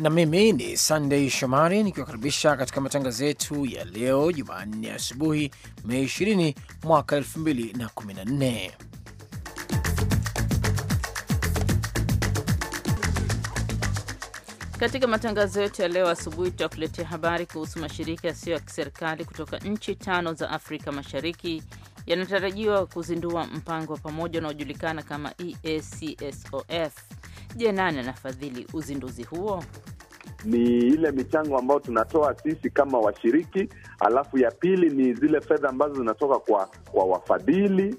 na mimi ni sandey Shomari nikiwakaribisha katika matangazo yetu ya leo Jumanne asubuhi Mei 20 mwaka 2014. Katika matangazo yetu ya leo asubuhi tutakuletea habari kuhusu mashirika yasiyo ya kiserikali kutoka nchi tano za Afrika Mashariki yanatarajiwa kuzindua mpango wa pamoja unaojulikana kama EACSOF Je, nani anafadhili uzinduzi huo? Ni ile michango ambayo tunatoa sisi kama washiriki, alafu ya pili ni zile fedha ambazo zinatoka kwa, kwa wafadhili.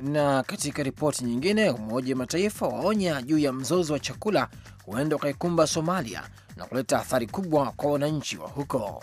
Na katika ripoti nyingine, Umoja wa Mataifa waonya juu ya mzozo wa chakula huenda ukaikumba Somalia na kuleta athari kubwa kwa wananchi wa huko.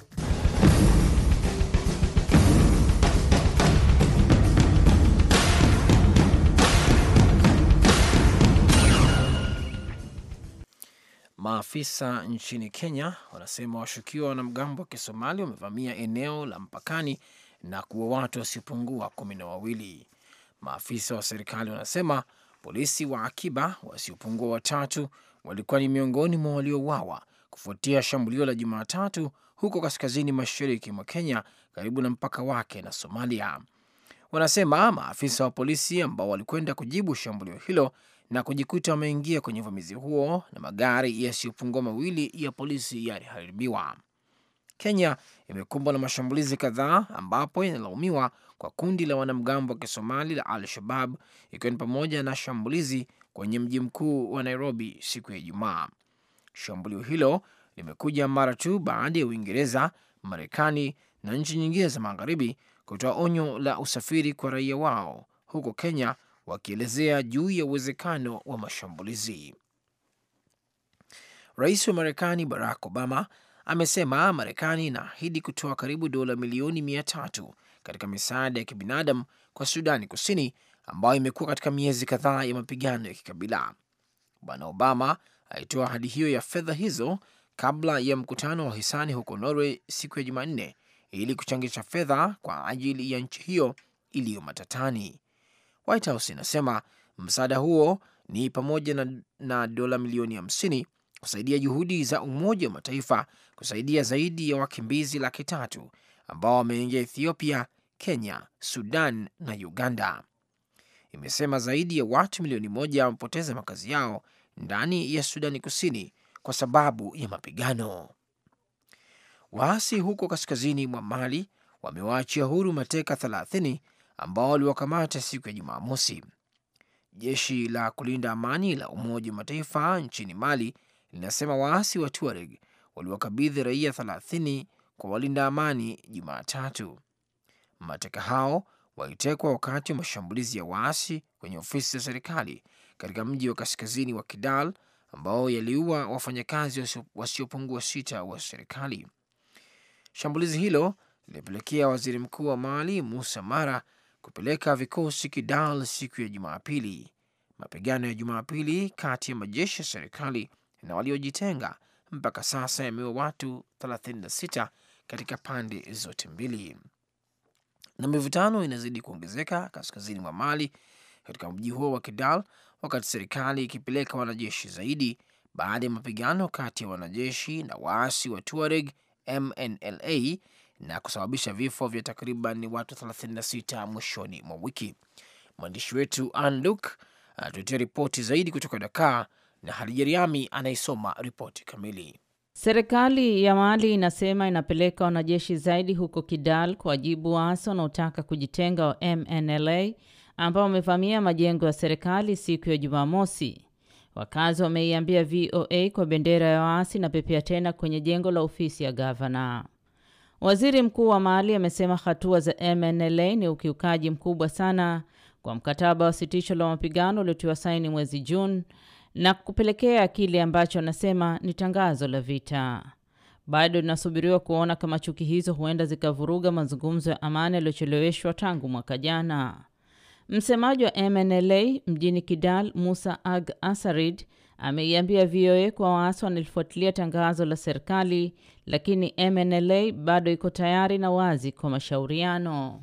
Maafisa nchini Kenya wanasema washukiwa wanamgambo wa Kisomali wamevamia eneo la mpakani na kuwa watu wasiopungua kumi na wawili. Maafisa wa serikali wanasema polisi wa akiba wasiopungua watatu walikuwa ni miongoni mwa waliouawa kufuatia shambulio la Jumatatu huko kaskazini mashariki mwa Kenya, karibu na mpaka wake na Somalia. Wanasema maafisa wa polisi ambao walikwenda kujibu shambulio hilo na kujikuta wameingia kwenye uvamizi huo na magari yasiyopungua mawili ya polisi yaliharibiwa. Kenya imekumbwa na mashambulizi kadhaa ambapo inalaumiwa kwa kundi la wanamgambo wa Kisomali la Al-Shabab ikiwa ni pamoja na shambulizi kwenye mji mkuu wa Nairobi siku ya Ijumaa. Shambulio hilo limekuja mara tu baada ya Uingereza, Marekani na nchi nyingine za magharibi kutoa onyo la usafiri kwa raia wao huko Kenya wakielezea juu ya uwezekano wa mashambulizi. Rais wa Marekani Barack Obama amesema Marekani inaahidi kutoa karibu dola milioni mia tatu katika misaada ya kibinadamu kwa Sudani Kusini ambayo imekuwa katika miezi kadhaa ya mapigano ya kikabila. Bwana Obama alitoa ahadi hiyo ya fedha hizo kabla ya mkutano wa hisani huko Norway siku ya Jumanne ili kuchangisha fedha kwa ajili ya nchi hiyo iliyo matatani. White House inasema msaada huo ni pamoja na, na dola milioni hamsini kusaidia juhudi za Umoja wa Mataifa kusaidia zaidi ya wakimbizi laki tatu ambao wameingia Ethiopia, Kenya, Sudan na Uganda. Imesema zaidi ya watu milioni moja wamepoteza makazi yao ndani ya Sudani Kusini kwa sababu ya mapigano. Waasi huko kaskazini mwa Mali wamewaachia huru mateka thelathini ambao waliwakamata siku ya Jumamosi. Jeshi la kulinda amani la Umoja wa Mataifa nchini Mali linasema waasi wa Tuareg waliwakabidhi raia 30 kwa walinda amani Jumatatu. Mateka hao walitekwa wakati wa mashambulizi ya waasi kwenye ofisi za serikali katika mji wa kaskazini wa Kidal ambao yaliua wafanyakazi wasiopungua wasi sita wa serikali. Shambulizi hilo lilipelekea waziri mkuu wa Mali Musa Mara kupeleka vikosi Kidal siku ya Jumapili. Mapigano ya Jumapili kati ya majeshi ya serikali na waliojitenga mpaka sasa yameua watu 36 katika pande zote mbili, na mivutano inazidi kuongezeka kaskazini mwa Mali katika mji huo wa Kidal, wakati serikali ikipeleka wanajeshi zaidi baada ya mapigano kati ya wanajeshi na waasi wa Tuareg MNLA na kusababisha vifo vya takriban watu 36 mwishoni mwa wiki. Mwandishi wetu Ann Luke anatuletea ripoti zaidi kutoka Dakar na Halijeriami anayesoma ripoti kamili. Serikali ya Mali inasema inapeleka wanajeshi zaidi huko Kidal kwa wajibu waasi wanaotaka kujitenga wa MNLA ambao wamevamia majengo ya serikali siku ya Jumamosi. Wakazi wameiambia VOA kwa bendera ya waasi na pepea tena kwenye jengo la ofisi ya gavana. Waziri Mkuu wa Mali amesema hatua za MNLA ni ukiukaji mkubwa sana kwa mkataba wa sitisho la mapigano uliotiwa saini mwezi Juni na kupelekea kile ambacho anasema ni tangazo la vita. Bado inasubiriwa kuona kama chuki hizo huenda zikavuruga mazungumzo ya amani yaliyocheleweshwa tangu mwaka jana. Msemaji wa MNLA mjini Kidal, Musa Ag Asarid ameiambia VOA kuwa waasi wanalifuatilia tangazo la serikali, lakini MNLA bado iko tayari na wazi kwa mashauriano.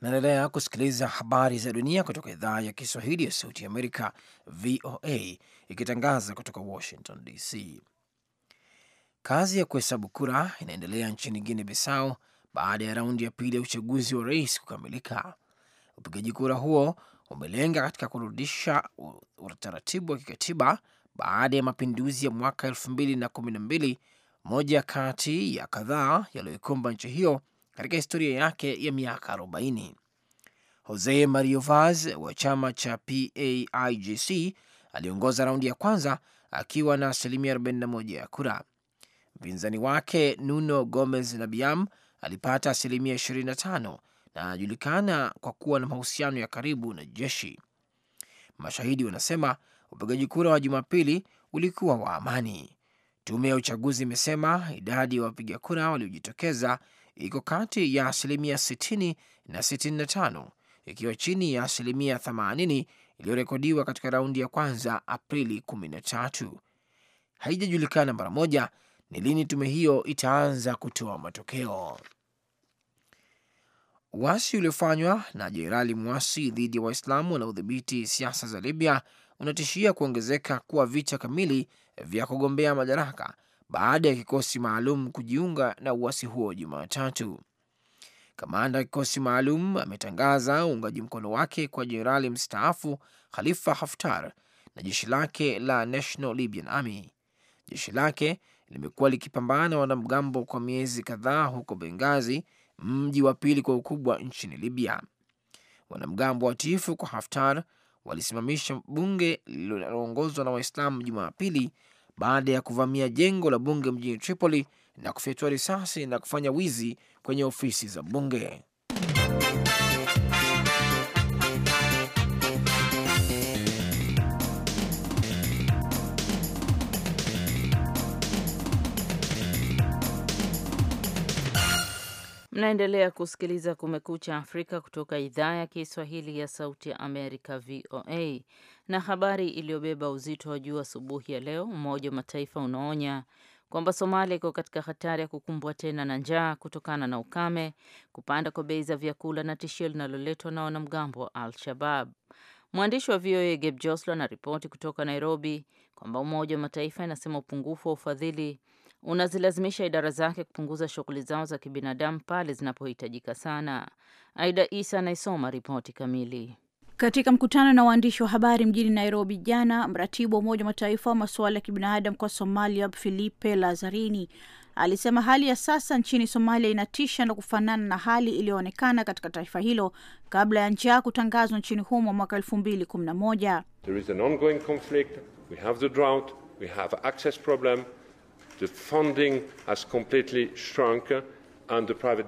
Naendelea kusikiliza habari za dunia kutoka idhaa ya Kiswahili ya Sauti ya Amerika, VOA, ikitangaza kutoka Washington DC. Kazi ya kuhesabu kura inaendelea nchini Guinea Bissau baada ya raundi ya pili ya uchaguzi wa rais kukamilika. Upigaji kura huo umelenga katika kurudisha utaratibu wa kikatiba baada ya mapinduzi ya mwaka elfu mbili na kumi na mbili, moja kati ya kadhaa yaliyoikumba nchi hiyo katika historia yake ya miaka 40. Jose Mario Vaz wa chama cha PAIGC aliongoza raundi ya kwanza akiwa na asilimia 41 ya kura. Mpinzani wake Nuno Gomez Nabiam alipata asilimia 25 na anajulikana kwa kuwa na mahusiano ya karibu na jeshi. Mashahidi wanasema upigaji kura wa Jumapili ulikuwa wa amani. Tume ya uchaguzi imesema idadi ya wapiga kura waliojitokeza iko kati ya asilimia 60 na 65, ikiwa chini ya asilimia 80 iliyorekodiwa katika raundi ya kwanza Aprili 13. Haijajulikana mara moja ni lini tume hiyo itaanza kutoa matokeo. Uasi uliofanywa na jenerali mwasi dhidi ya Waislamu wanaodhibiti siasa za Libya unatishia kuongezeka kuwa vita kamili vya kugombea madaraka baada ya kikosi maalum kujiunga na uasi huo Jumatatu. Kamanda wa kikosi maalum ametangaza uungaji mkono wake kwa jenerali mstaafu Khalifa Haftar na jeshi lake la National Libyan Army. Jeshi lake limekuwa likipambana na wanamgambo kwa miezi kadhaa huko Bengazi mji wa pili kwa ukubwa nchini Libya. Wanamgambo watiifu kwa Haftar walisimamisha bunge lililoongozwa na Waislamu Jumapili baada ya kuvamia jengo la bunge mjini Tripoli na kufyatua risasi na kufanya wizi kwenye ofisi za bunge. Mnaendelea kusikiliza Kumekucha Afrika kutoka idhaa ya Kiswahili ya Sauti ya Amerika, VOA. Na habari iliyobeba uzito wa juu asubuhi ya leo, Umoja wa Mataifa unaonya kwamba Somalia iko katika hatari ya kukumbwa tena na njaa kutokana na ukame, kupanda kwa bei za vyakula na tishio linaloletwa na wanamgambo wa Al-Shabab. Mwandishi wa VOA Gabe Joslo anaripoti kutoka Nairobi kwamba Umoja wa Mataifa inasema upungufu wa ufadhili unazilazimisha idara zake kupunguza shughuli zao za kibinadamu pale zinapohitajika sana. Aida Isa anaisoma ripoti kamili. Katika mkutano na waandishi wa habari mjini Nairobi jana, mratibu wa Umoja wa Mataifa wa masuala ya kibinadamu kwa Somalia, Filipe Lazarini, alisema hali ya sasa nchini Somalia inatisha na kufanana na hali iliyoonekana katika taifa hilo kabla ya njaa kutangazwa nchini humo mwaka elfu mbili kumi na moja.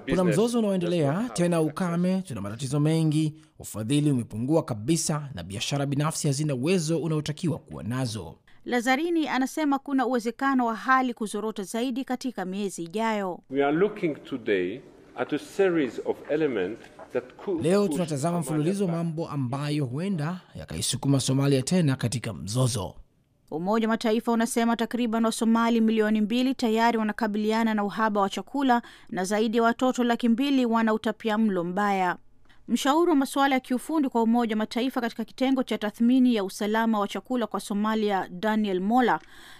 Kuna mzozo unaoendelea tena, ukame, tuna matatizo mengi, ufadhili umepungua kabisa, na biashara binafsi hazina uwezo unaotakiwa kuwa nazo. Lazarini anasema kuna uwezekano wa hali kuzorota zaidi katika miezi ijayo. Leo tunatazama mfululizo mambo ambayo huenda yakaisukuma Somalia tena katika mzozo. Umoja wa Mataifa unasema takriban Wasomali milioni mbili tayari wanakabiliana na uhaba wa chakula na zaidi ya watoto laki mbili wana utapia mlo mbaya. Mshauri wa masuala ya kiufundi kwa Umoja wa Mataifa katika kitengo cha tathmini ya usalama wa chakula kwa Somalia, Daniel Mola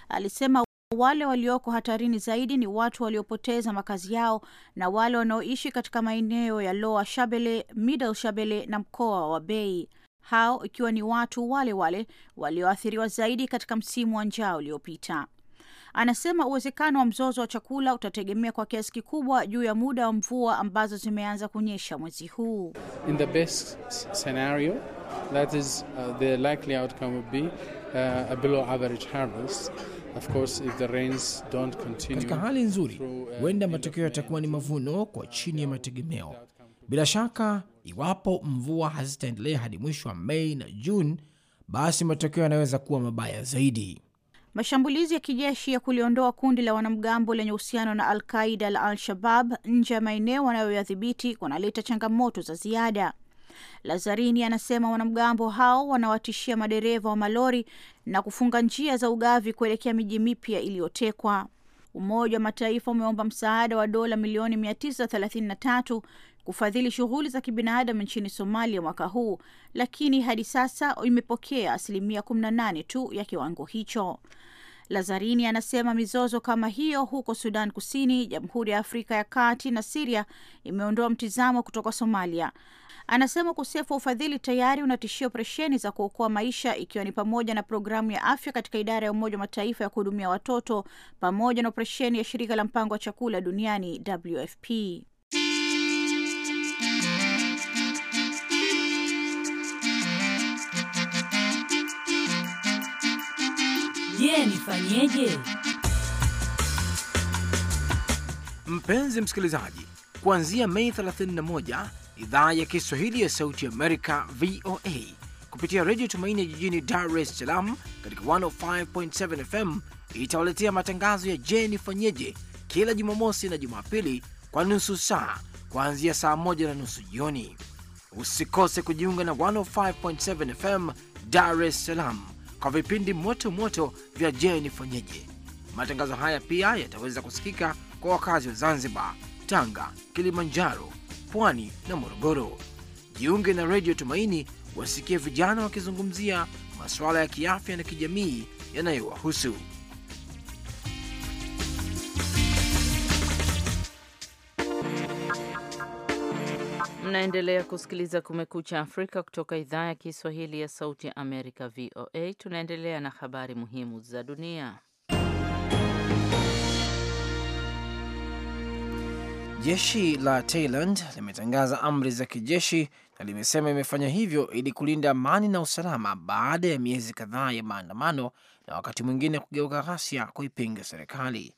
alisema wale walioko hatarini zaidi ni watu waliopoteza makazi yao na wale wanaoishi katika maeneo ya Lower Shabele, Middle Shabele na mkoa wa Bay hao ikiwa ni watu wale wale walioathiriwa zaidi katika msimu wa njaa uliopita. Anasema uwezekano wa mzozo wa chakula utategemea kwa kiasi kikubwa juu ya muda wa mvua ambazo zimeanza kunyesha mwezi huu. In the best scenario, that is, uh, the likely outcome would be, uh, a below average harvest. Of course, if the rains don't continue. Katika hali nzuri, uh, huenda matokeo yatakuwa ni mavuno kwa chini ya mategemeo bila shaka, iwapo mvua hazitaendelea hadi mwisho wa Mei na Juni, basi matokeo yanaweza kuwa mabaya zaidi. Mashambulizi ya kijeshi ya kuliondoa kundi la wanamgambo lenye uhusiano na Alqaida la Al-Shabab nje ya maeneo wanayoyadhibiti kunaleta changamoto za ziada. Lazarini anasema wanamgambo hao wanawatishia madereva wa malori na kufunga njia za ugavi kuelekea miji mipya iliyotekwa. Umoja wa Mataifa umeomba msaada wa dola milioni 933 kufadhili shughuli za kibinadamu nchini Somalia mwaka huu, lakini hadi sasa imepokea asilimia 18 tu ya kiwango hicho. Lazarini anasema mizozo kama hiyo huko Sudan Kusini, Jamhuri ya Afrika ya Kati na Siria imeondoa mtizamo kutoka Somalia. Anasema ukosefu wa ufadhili tayari unatishia operesheni za kuokoa maisha, ikiwa ni pamoja na programu ya afya katika idara ya Umoja wa Mataifa ya kuhudumia watoto pamoja na operesheni ya shirika la mpango wa chakula duniani WFP. Je, nifanyeje? Mpenzi msikilizaji, kuanzia Mei 31 idhaa ya Kiswahili ya Sauti Amerika VOA kupitia Redio Tumaini jijini Dar es Salaam katika 105.7 FM itawaletea matangazo ya Je, nifanyeje kila Jumamosi na Jumapili kwa nusu saa kuanzia saa moja na nusu jioni. Usikose kujiunga na 105.7 FM Dar es Salaam kwa vipindi moto moto vya Je Nifanyeje. Matangazo haya pia yataweza kusikika kwa wakazi wa Zanzibar, Tanga, Kilimanjaro, Pwani na Morogoro. Jiunge na Redio Tumaini wasikie vijana wakizungumzia masuala ya kiafya na kijamii yanayowahusu. Mnaendelea kusikiliza Kumekucha Afrika kutoka idhaa ya Kiswahili ya Sauti ya Amerika, VOA. Tunaendelea na habari muhimu za dunia. Jeshi la Thailand limetangaza amri za kijeshi na limesema imefanya hivyo ili kulinda amani na usalama baada ya miezi kadhaa ya maandamano na wakati mwingine kugeuka ghasia kuipinga serikali.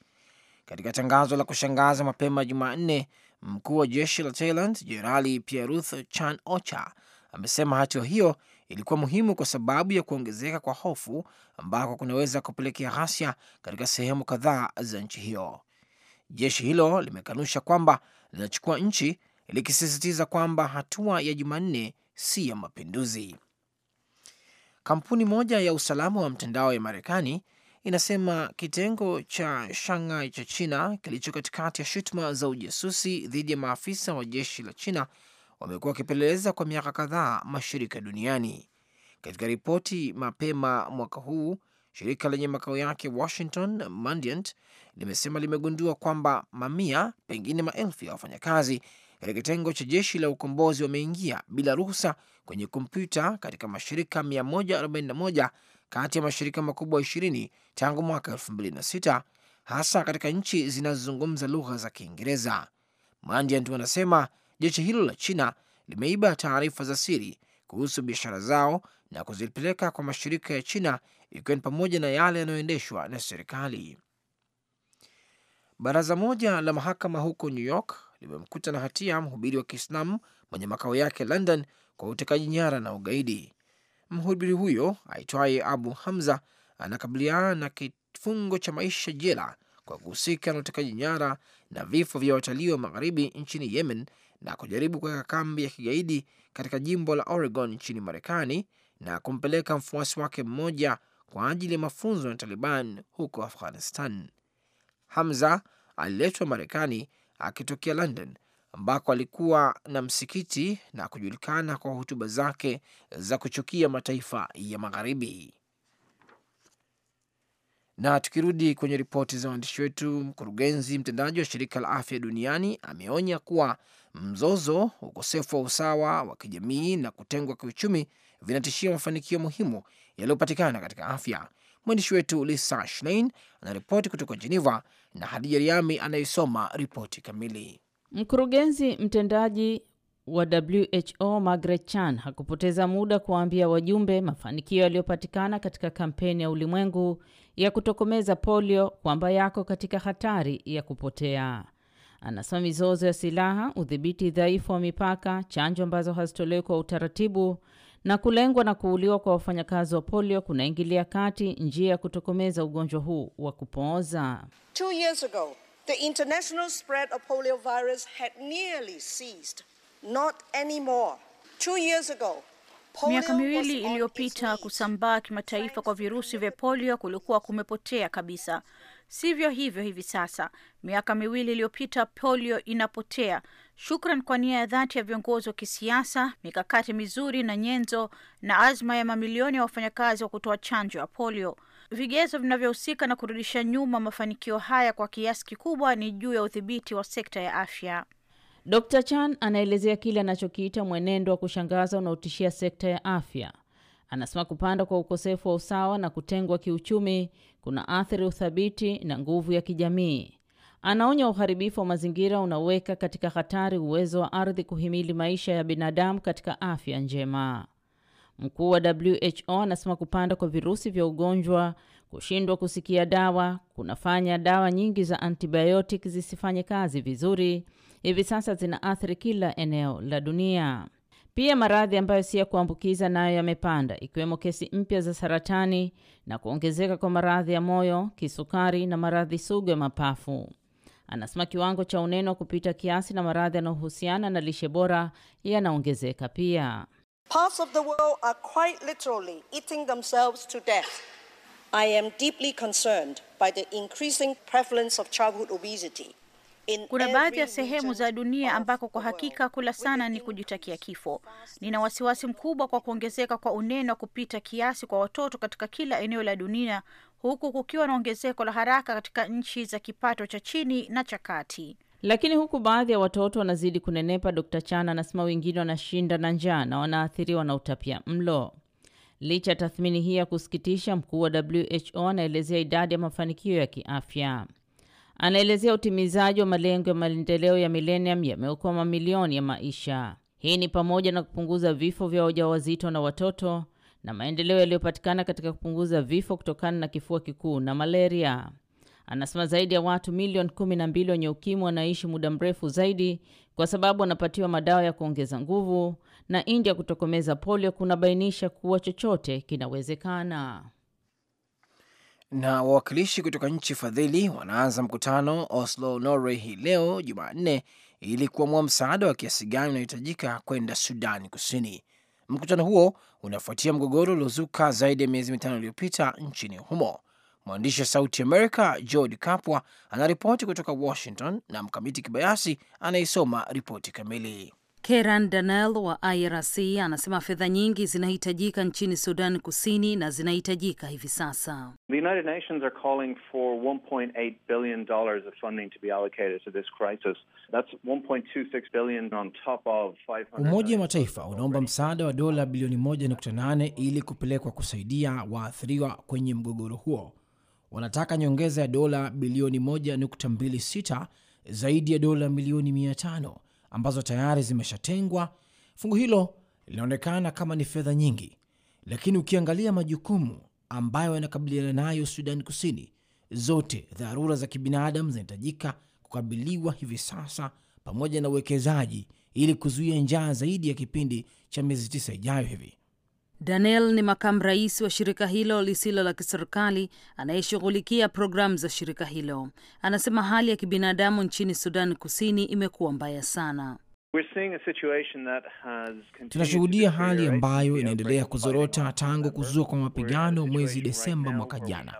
Katika tangazo la kushangaza mapema Jumanne, Mkuu wa jeshi la Thailand Jenerali Pieruth Chan Ocha amesema hatua hiyo ilikuwa muhimu kwa sababu ya kuongezeka kwa hofu ambako kunaweza kupelekea ghasia katika sehemu kadhaa za nchi hiyo. Jeshi hilo limekanusha kwamba linachukua nchi, likisisitiza kwamba hatua ya Jumanne si ya mapinduzi. Kampuni moja ya usalama wa mtandao ya Marekani inasema kitengo cha Shanghai cha China kilicho katikati ya shutuma za ujasusi dhidi ya maafisa wa jeshi la China wamekuwa wakipeleleza kwa miaka kadhaa mashirika duniani. Katika ripoti mapema mwaka huu, shirika lenye makao yake Washington, Mandiant, limesema limegundua kwamba mamia, pengine maelfu ya wafanyakazi katika kitengo cha jeshi la ukombozi wameingia bila ruhusa kwenye kompyuta katika mashirika 141 kati ya mashirika makubwa ishirini tangu mwaka elfu mbili na sita hasa katika nchi zinazozungumza lugha za Kiingereza. Mandiant wanasema jeshi hilo la China limeiba taarifa za siri kuhusu biashara zao na kuzipeleka kwa mashirika ya China ikiwa ni pamoja na yale yanayoendeshwa na serikali. Baraza moja la mahakama huko New York limemkuta na hatia mhubiri wa Kiislamu mwenye makao yake London kwa utekaji nyara na ugaidi. Mhubiri huyo aitwaye Abu Hamza anakabiliana na kifungo cha maisha jela kwa kuhusika na utekaji nyara na vifo vya watalii wa magharibi nchini Yemen na kujaribu kuweka kambi ya kigaidi katika jimbo la Oregon nchini Marekani na kumpeleka mfuasi wake mmoja kwa ajili ya mafunzo na Taliban huko Afghanistan. Hamza aliletwa Marekani akitokea London ambako alikuwa na msikiti na kujulikana kwa hotuba zake za kuchukia mataifa ya Magharibi. Na tukirudi kwenye ripoti za waandishi wetu, mkurugenzi mtendaji wa shirika la afya duniani ameonya kuwa mzozo, ukosefu wa usawa wa kijamii na kutengwa kiuchumi vinatishia mafanikio muhimu yaliyopatikana katika afya. Mwandishi wetu Lisa Schlein anaripoti kutoka Geneva na Hadija Riami anayesoma ripoti kamili. Mkurugenzi mtendaji wa WHO Margaret Chan hakupoteza muda kuwaambia wajumbe mafanikio yaliyopatikana katika kampeni ya ulimwengu ya kutokomeza polio kwamba yako katika hatari ya kupotea. Anasema mizozo ya silaha, udhibiti dhaifu wa mipaka, chanjo ambazo hazitolewi kwa utaratibu na kulengwa na kuuliwa kwa wafanyakazi wa polio kunaingilia kati njia ya kutokomeza ugonjwa huu wa kupooza. Two years ago. The international spread of poliovirus had nearly ceased, not anymore. Two years ago, Miaka miwili iliyopita kusambaa kimataifa kwa virusi vya polio kulikuwa kumepotea kabisa. Sivyo hivyo hivi sasa. Miaka miwili iliyopita polio inapotea. Shukran kwa nia ya dhati ya viongozi wa kisiasa, mikakati mizuri na nyenzo na azma ya mamilioni ya wafanyakazi wa kutoa chanjo ya polio. Vigezo vinavyohusika na kurudisha nyuma mafanikio haya kwa kiasi kikubwa ni juu ya udhibiti wa sekta ya afya. Dr. Chan anaelezea kile anachokiita mwenendo wa kushangaza unaotishia sekta ya afya. Anasema kupanda kwa ukosefu wa usawa na kutengwa kiuchumi kuna athiri uthabiti na nguvu ya kijamii. Anaonya uharibifu wa mazingira unaweka katika hatari uwezo wa ardhi kuhimili maisha ya binadamu katika afya njema. Mkuu wa WHO anasema kupanda kwa virusi vya ugonjwa, kushindwa kusikia dawa kunafanya dawa nyingi za antibiotic zisifanye kazi vizuri. Hivi sasa zinaathiri kila eneo la dunia. Pia maradhi ambayo si ya kuambukiza nayo yamepanda, ikiwemo kesi mpya za saratani na kuongezeka kwa maradhi ya moyo, kisukari na maradhi sugu ya mapafu. Anasema kiwango cha unene wa kupita kiasi na maradhi yanayohusiana na lishe bora yanaongezeka pia. Parts of the world are quite literally eating themselves to death. I am deeply concerned by the increasing prevalence of childhood obesity. Kuna baadhi ya sehemu za dunia ambako kwa hakika kula sana ni kujitakia kifo. Nina wasiwasi mkubwa kwa kuongezeka kwa unene wa kupita kiasi kwa watoto katika kila eneo la dunia, huku kukiwa na ongezeko la haraka katika nchi za kipato cha chini na cha kati. Lakini huku baadhi ya watoto wanazidi kunenepa, Dkt Chana anasema wengine wanashinda na njaa na wanaathiriwa na utapia mlo. Licha ya tathmini hii ya kusikitisha, mkuu wa WHO anaelezea idadi ya mafanikio ya kiafya. Anaelezea utimizaji wa malengo ya maendeleo ya milenium yameokoa mamilioni ya maisha. Hii ni pamoja na kupunguza vifo vya wajawazito na watoto na maendeleo yaliyopatikana katika kupunguza vifo kutokana na kifua kikuu na malaria. Anasema zaidi ya watu milioni kumi na mbili wenye ukimwi wanaishi muda mrefu zaidi kwa sababu wanapatiwa madawa ya kuongeza nguvu, na India kutokomeza polio kunabainisha kuwa chochote kinawezekana. Na wawakilishi kutoka nchi fadhili wanaanza mkutano Oslo, Norway hii leo Jumanne ili kuamua msaada wa kiasi gani unaohitajika kwenda Sudan Kusini. Mkutano huo unafuatia mgogoro uliozuka zaidi ya miezi mitano iliyopita nchini humo Mwandishi wa Sauti Amerika George Kapwa anaripoti kutoka Washington na Mkamiti Kibayasi anayesoma ripoti kamili. Keran Danel wa IRC anasema fedha nyingi zinahitajika nchini Sudan Kusini na zinahitajika hivi sasa. Umoja wa Mataifa unaomba msaada wa dola bilioni 1.8 ili kupelekwa kusaidia waathiriwa kwenye mgogoro huo wanataka nyongeza ya dola bilioni 1.26 zaidi ya dola milioni 500 ambazo tayari zimeshatengwa. Fungu hilo linaonekana kama ni fedha nyingi, lakini ukiangalia majukumu ambayo yanakabiliana nayo Sudan Kusini, zote dharura za kibinadamu zinahitajika kukabiliwa hivi sasa, pamoja na uwekezaji ili kuzuia njaa zaidi ya kipindi cha miezi tisa ijayo hivi Daniel ni makamu rais wa shirika hilo lisilo la kiserikali anayeshughulikia programu za shirika hilo. Anasema hali ya kibinadamu nchini Sudan Kusini imekuwa mbaya sana. Tunashuhudia hali ambayo inaendelea kuzorota tangu kuzua kwa mapigano mwezi Desemba mwaka jana.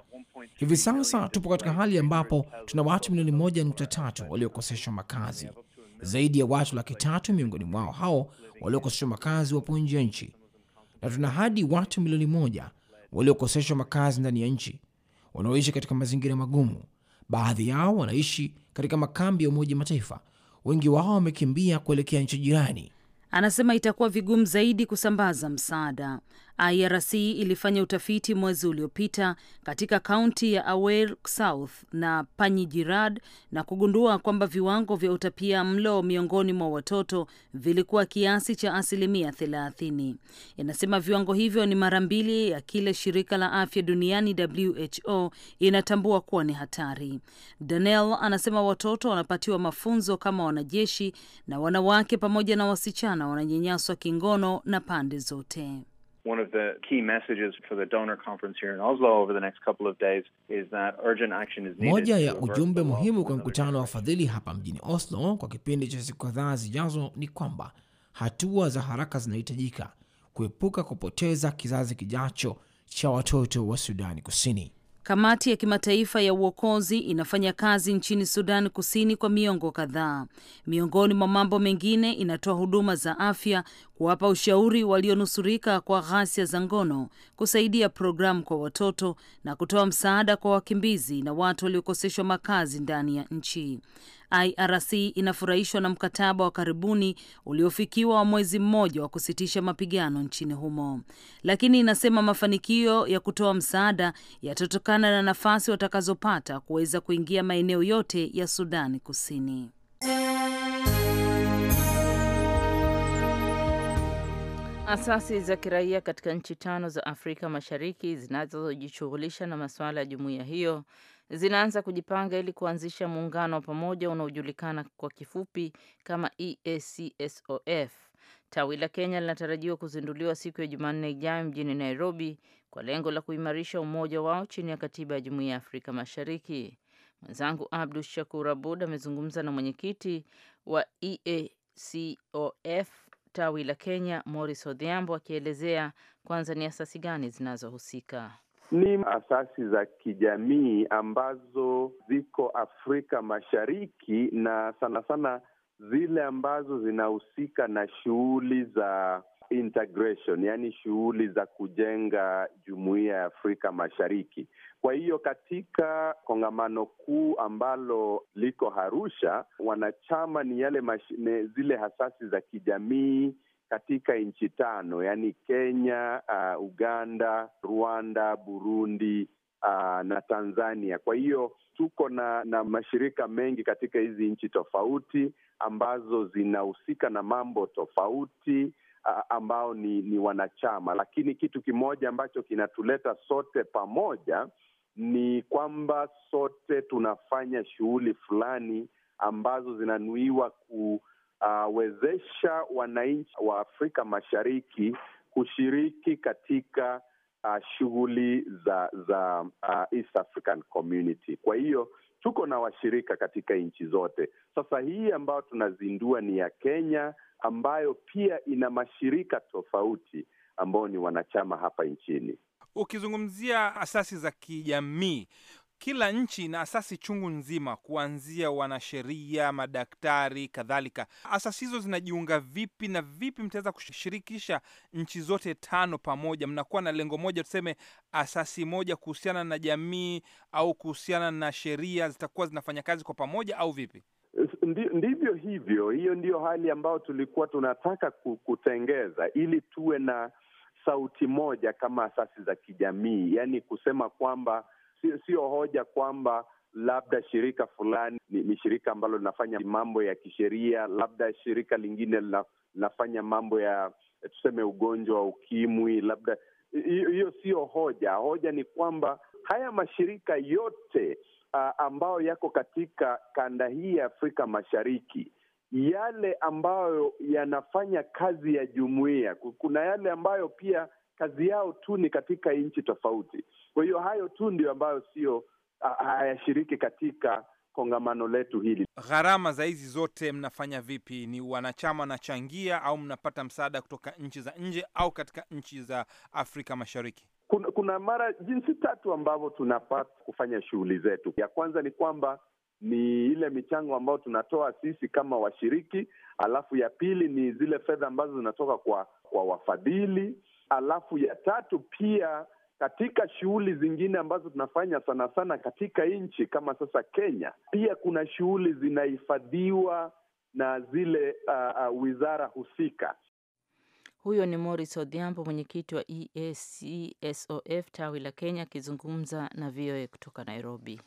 Hivi sasa tupo katika hali ambapo tuna watu milioni moja nukta tatu waliokoseshwa makazi. Zaidi ya watu laki tatu miongoni mwao hao waliokoseshwa makazi wapo nje ya nchi na tuna hadi watu milioni moja waliokoseshwa makazi ndani ya nchi wanaoishi katika mazingira magumu. Baadhi yao wanaishi katika makambi ya Umoja Mataifa, wengi wao wamekimbia kuelekea nchi jirani. Anasema itakuwa vigumu zaidi kusambaza msaada. IRC ilifanya utafiti mwezi uliopita katika kaunti ya Awer South na panyijirad na kugundua kwamba viwango vya utapia mlo miongoni mwa watoto vilikuwa kiasi cha asilimia 30. Inasema viwango hivyo ni mara mbili ya kile shirika la afya duniani WHO inatambua kuwa ni hatari. Daniel anasema watoto wanapatiwa mafunzo kama wanajeshi na wanawake pamoja na wasichana wananyanyaswa kingono na pande zote one of the key messages for the donor conference here in Oslo over the next couple of days is that urgent action is needed. Moja ya ujumbe muhimu kwa mkutano wa fadhili hapa mjini Oslo kwa kipindi cha siku kadhaa zijazo ni kwamba hatua za haraka zinahitajika kuepuka kupoteza kizazi kijacho cha watoto wa Sudani Kusini. Kamati ya Kimataifa ya Uokozi inafanya kazi nchini Sudan Kusini kwa miongo kadhaa. Miongoni mwa mambo mengine, inatoa huduma za afya, kuwapa ushauri walionusurika kwa ghasia za ngono, kusaidia programu kwa watoto na kutoa msaada kwa wakimbizi na watu waliokoseshwa makazi ndani ya nchi. IRC inafurahishwa na mkataba wa karibuni uliofikiwa wa mwezi mmoja wa kusitisha mapigano nchini humo, lakini inasema mafanikio ya kutoa msaada yatatokana na nafasi watakazopata kuweza kuingia maeneo yote ya Sudani Kusini. Asasi za kiraia katika nchi tano za Afrika Mashariki zinazojishughulisha na masuala ya jumuiya hiyo zinaanza kujipanga ili kuanzisha muungano wa pamoja unaojulikana kwa kifupi kama EACSOF. Tawi la Kenya linatarajiwa kuzinduliwa siku ya Jumanne ijayo mjini Nairobi kwa lengo la kuimarisha umoja wao chini ya katiba ya Jumuiya ya Afrika Mashariki. Mwenzangu Abdu Shakur Abud amezungumza na mwenyekiti wa EACOF tawi la Kenya, Morris Odhiambo, akielezea kwanza ni asasi gani zinazohusika. Ni asasi za kijamii ambazo ziko Afrika Mashariki na sana sana zile ambazo zinahusika na shughuli za integration, yaani shughuli za kujenga jumuiya ya Afrika Mashariki. Kwa hiyo katika kongamano kuu ambalo liko Arusha, wanachama ni yale mash... zile hasasi za kijamii katika nchi tano yaani Kenya, uh, Uganda, Rwanda, Burundi uh, na Tanzania. Kwa hiyo tuko na, na mashirika mengi katika hizi nchi tofauti ambazo zinahusika na mambo tofauti uh, ambao ni, ni wanachama, lakini kitu kimoja ambacho kinatuleta sote pamoja ni kwamba sote tunafanya shughuli fulani ambazo zinanuiwa ku uh, wezesha wananchi wa Afrika Mashariki kushiriki katika uh, shughuli za za uh, East African Community. Kwa hiyo tuko na washirika katika nchi zote. Sasa hii ambayo tunazindua ni ya Kenya ambayo pia ina mashirika tofauti ambao ni wanachama hapa nchini. Ukizungumzia asasi za kijamii kila nchi ina asasi chungu nzima, kuanzia wanasheria, madaktari, kadhalika. Asasi hizo zinajiunga vipi na vipi mtaweza kushirikisha nchi zote tano pamoja? Mnakuwa na lengo moja, tuseme asasi moja kuhusiana na jamii au kuhusiana na sheria, zitakuwa zinafanya kazi kwa pamoja au vipi? Ndi, ndivyo hivyo. Hiyo ndiyo hali ambayo tulikuwa tunataka kutengeza ili tuwe na sauti moja kama asasi za kijamii, yaani kusema kwamba sio, sio hoja kwamba labda shirika fulani ni, ni shirika ambalo linafanya mambo ya kisheria, labda shirika lingine linafanya mambo ya tuseme ugonjwa wa ukimwi, labda hiyo siyo hoja. Hoja ni kwamba haya mashirika yote a, ambayo yako katika kanda hii ya Afrika Mashariki, yale ambayo yanafanya kazi ya jumuiya, kuna yale ambayo pia kazi yao tu ni katika nchi tofauti. Kwa hiyo hayo tu ndio ambayo sio hayashiriki katika kongamano letu hili. Gharama za hizi zote mnafanya vipi? Ni wanachama wanachangia au mnapata msaada kutoka nchi za nje au katika nchi za Afrika Mashariki? Kuna, kuna mara jinsi tatu ambavyo tunapata kufanya shughuli zetu. Ya kwanza ni kwamba ni ile michango ambayo tunatoa sisi kama washiriki, alafu ya pili ni zile fedha ambazo zinatoka kwa kwa wafadhili, alafu ya tatu pia katika shughuli zingine ambazo tunafanya sana sana katika nchi kama sasa Kenya, pia kuna shughuli zinahifadhiwa na zile uh, uh, wizara husika. Huyo ni Morris Odhiambo, mwenyekiti wa EACSOF tawi la Kenya, akizungumza na VOA kutoka Nairobi.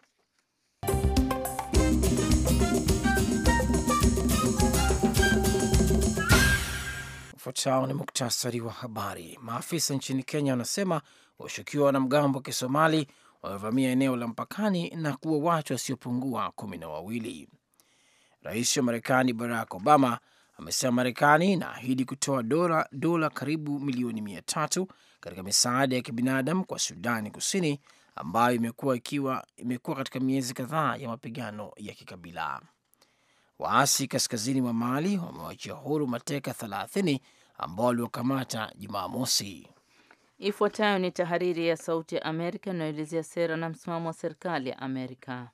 Ufuatao ni muktasari wa habari. Maafisa nchini Kenya wanasema washukiwa wanamgambo wa Kisomali wamevamia eneo la mpakani na kuwa watu wasiopungua kumi na wawili. Rais wa Marekani Barack Obama amesema Marekani inaahidi kutoa dola dola karibu milioni mia tatu katika misaada ya kibinadamu kwa Sudani Kusini ambayo imekuwa ikiwa imekuwa katika miezi kadhaa ya mapigano ya kikabila. Waasi kaskazini mwa Mali wamewachia huru mateka 30 ambao waliokamata Jumaa mosi. Ifuatayo ni tahariri ya Sauti ya Amerika inayoelezea sera na msimamo wa serikali ya Amerika.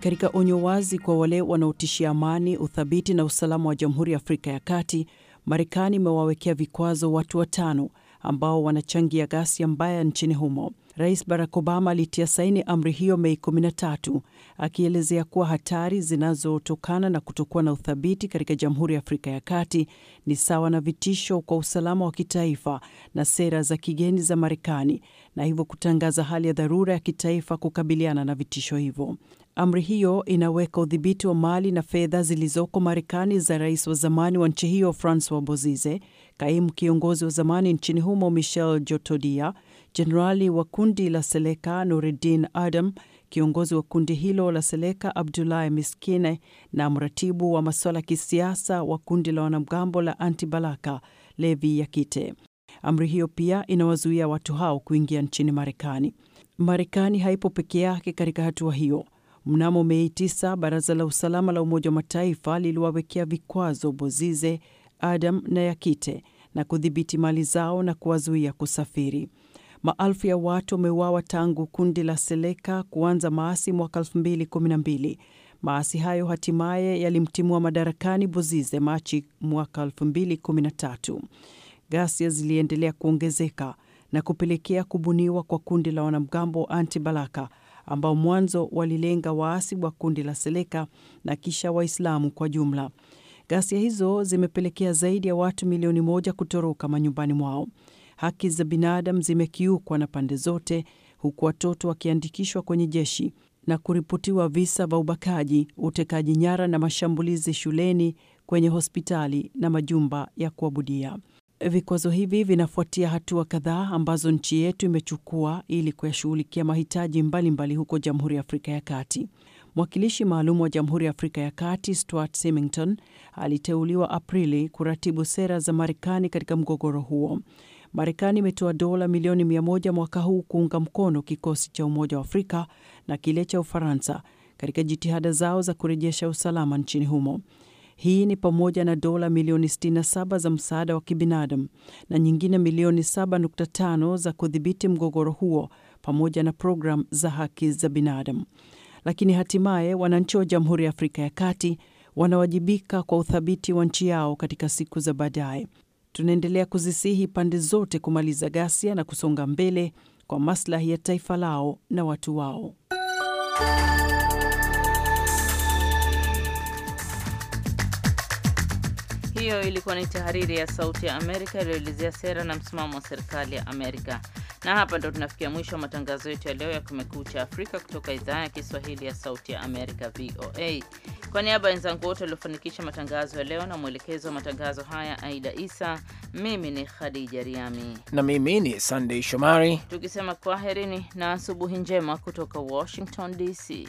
Katika onyo wazi kwa wale wanaotishia amani, uthabiti na usalama wa Jamhuri ya Afrika ya Kati, Marekani imewawekea vikwazo watu watano ambao wanachangia ghasia mbaya nchini humo. Rais Barack Obama alitia saini amri hiyo Mei 13 akielezea kuwa hatari zinazotokana na kutokuwa na uthabiti katika Jamhuri ya Afrika ya Kati ni sawa na vitisho kwa usalama wa kitaifa na sera za kigeni za Marekani na hivyo kutangaza hali ya dharura ya kitaifa kukabiliana na vitisho hivyo. Amri hiyo inaweka udhibiti wa mali na fedha zilizoko Marekani za rais wa zamani wa nchi hiyo Francois Bozize, kaimu kiongozi wa zamani nchini humo Michel Jotodia Jenerali wa kundi la Seleka Nuruddin Adam, kiongozi wa kundi hilo la Seleka Abdulahi Miskine na mratibu wa masuala ya kisiasa wa kundi la wanamgambo la Anti-Balaka Levi Yakite. Amri hiyo pia inawazuia watu hao kuingia nchini Marekani. Marekani haipo peke yake katika hatua hiyo. Mnamo Mei 9 baraza la usalama la Umoja wa Mataifa liliwawekea vikwazo Bozize, Adam na Yakite na kudhibiti mali zao na kuwazuia kusafiri. Maelfu ya watu wameuawa tangu kundi la Seleka kuanza maasi mwaka 2012. Maasi hayo hatimaye yalimtimua madarakani Bozize Machi mwaka 2013. Ghasia ziliendelea kuongezeka na kupelekea kubuniwa kwa kundi la wanamgambo Anti Balaka ambao mwanzo walilenga waasi wa kundi la Seleka na kisha Waislamu kwa jumla. Ghasia hizo zimepelekea zaidi ya watu milioni moja kutoroka manyumbani mwao haki za binadamu zimekiukwa na pande zote, huku watoto wakiandikishwa kwenye jeshi na kuripotiwa visa vya ubakaji, utekaji nyara na mashambulizi shuleni, kwenye hospitali na majumba ya kuabudia. Vikwazo hivi vinafuatia hatua kadhaa ambazo nchi yetu imechukua ili kuyashughulikia mahitaji mbalimbali mbali huko Jamhuri ya Afrika ya Kati. Mwakilishi maalum wa Jamhuri ya Afrika ya Kati Stuart Symington aliteuliwa Aprili kuratibu sera za Marekani katika mgogoro huo. Marekani imetoa dola milioni 1 mwaka huu kuunga mkono kikosi cha Umoja wa Afrika na kile cha Ufaransa katika jitihada zao za kurejesha usalama nchini humo. Hii ni pamoja na dola milioni 67 za msaada wa kibinadamu na nyingine milioni 7.5 za kudhibiti mgogoro huo pamoja na programu za haki za binadamu. Lakini hatimaye wananchi wa Jamhuri ya Afrika ya Kati wanawajibika kwa uthabiti wa nchi yao katika siku za baadaye. Tunaendelea kuzisihi pande zote kumaliza ghasia na kusonga mbele kwa maslahi ya taifa lao na watu wao. Hiyo ilikuwa ni tahariri ya Sauti ya Amerika iliyoelezea sera na msimamo wa serikali ya Amerika. Na hapa ndo tunafikia mwisho wa matangazo yetu ya leo ya Kumekucha Afrika kutoka idhaa ya Kiswahili ya Sauti ya Amerika, VOA. Kwa niaba ya wenzangu wote waliofanikisha matangazo ya leo na mwelekezo wa matangazo haya Aida Isa, mimi ni Khadija Riami na mimi ni sandey Shomari, tukisema kwaherini na asubuhi njema kutoka Washington DC.